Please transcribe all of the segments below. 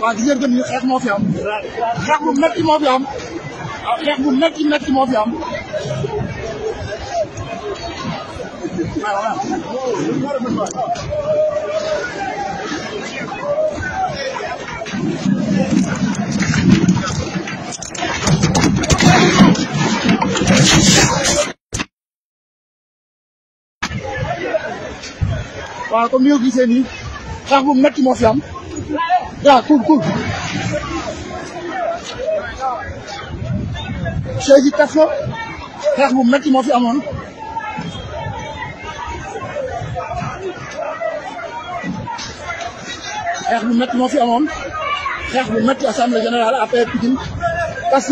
waaw di ngeen gëm ni xeex moo fi am xeex bu metti moo fi am xeex bu metti metti moo fi am waaw waaw comme ni nga gisee nii xeex bu métti moo fi am waaw cool cool chaise tas na xeex bu métti moo fi amoon xeex bu métti moo fi amoon xeex bu métti assemblée générale APR Pikine tas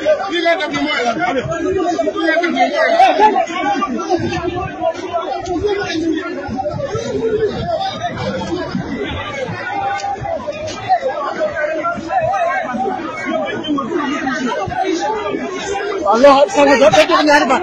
li ngeen def ni mooy lan li ngeen def ni mooy lan. waaw loxo sànq doon doon jox ñaari baat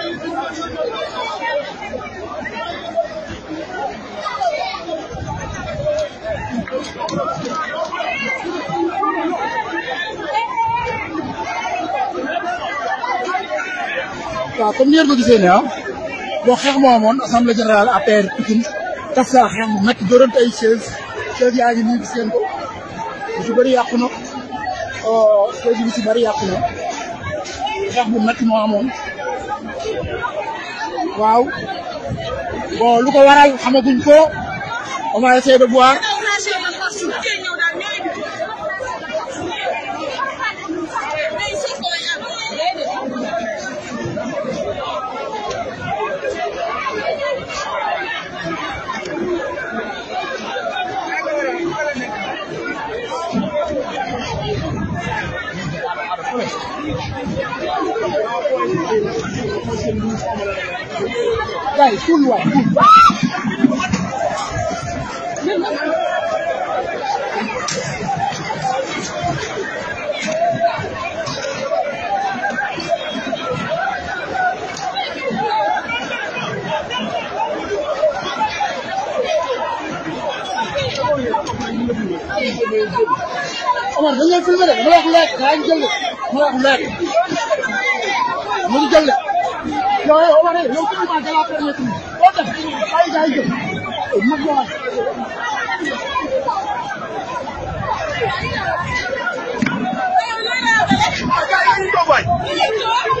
waaw comme ni ngeen ko gisee nii ah bon xeex moo amoon assemblée générale APR Pikine tas xeex bu métti dóorante ay chaise chaise yaa ngi nii gis ngeen ko lu ci bëri yàqu na oh, chaise bi ci bëri yàqu na xeex bu métti moo amoon waaw bon lu ko waral xamaguñ ko on va de voir. Guys, full white, full. Omar dañu leen filmé rek dama wax lekk daa ñu jël moom léegi mu ngi jël yow yow wane yow kii quoi de la première kii boo def ay gars yi jël mu ngi wax. Thank you.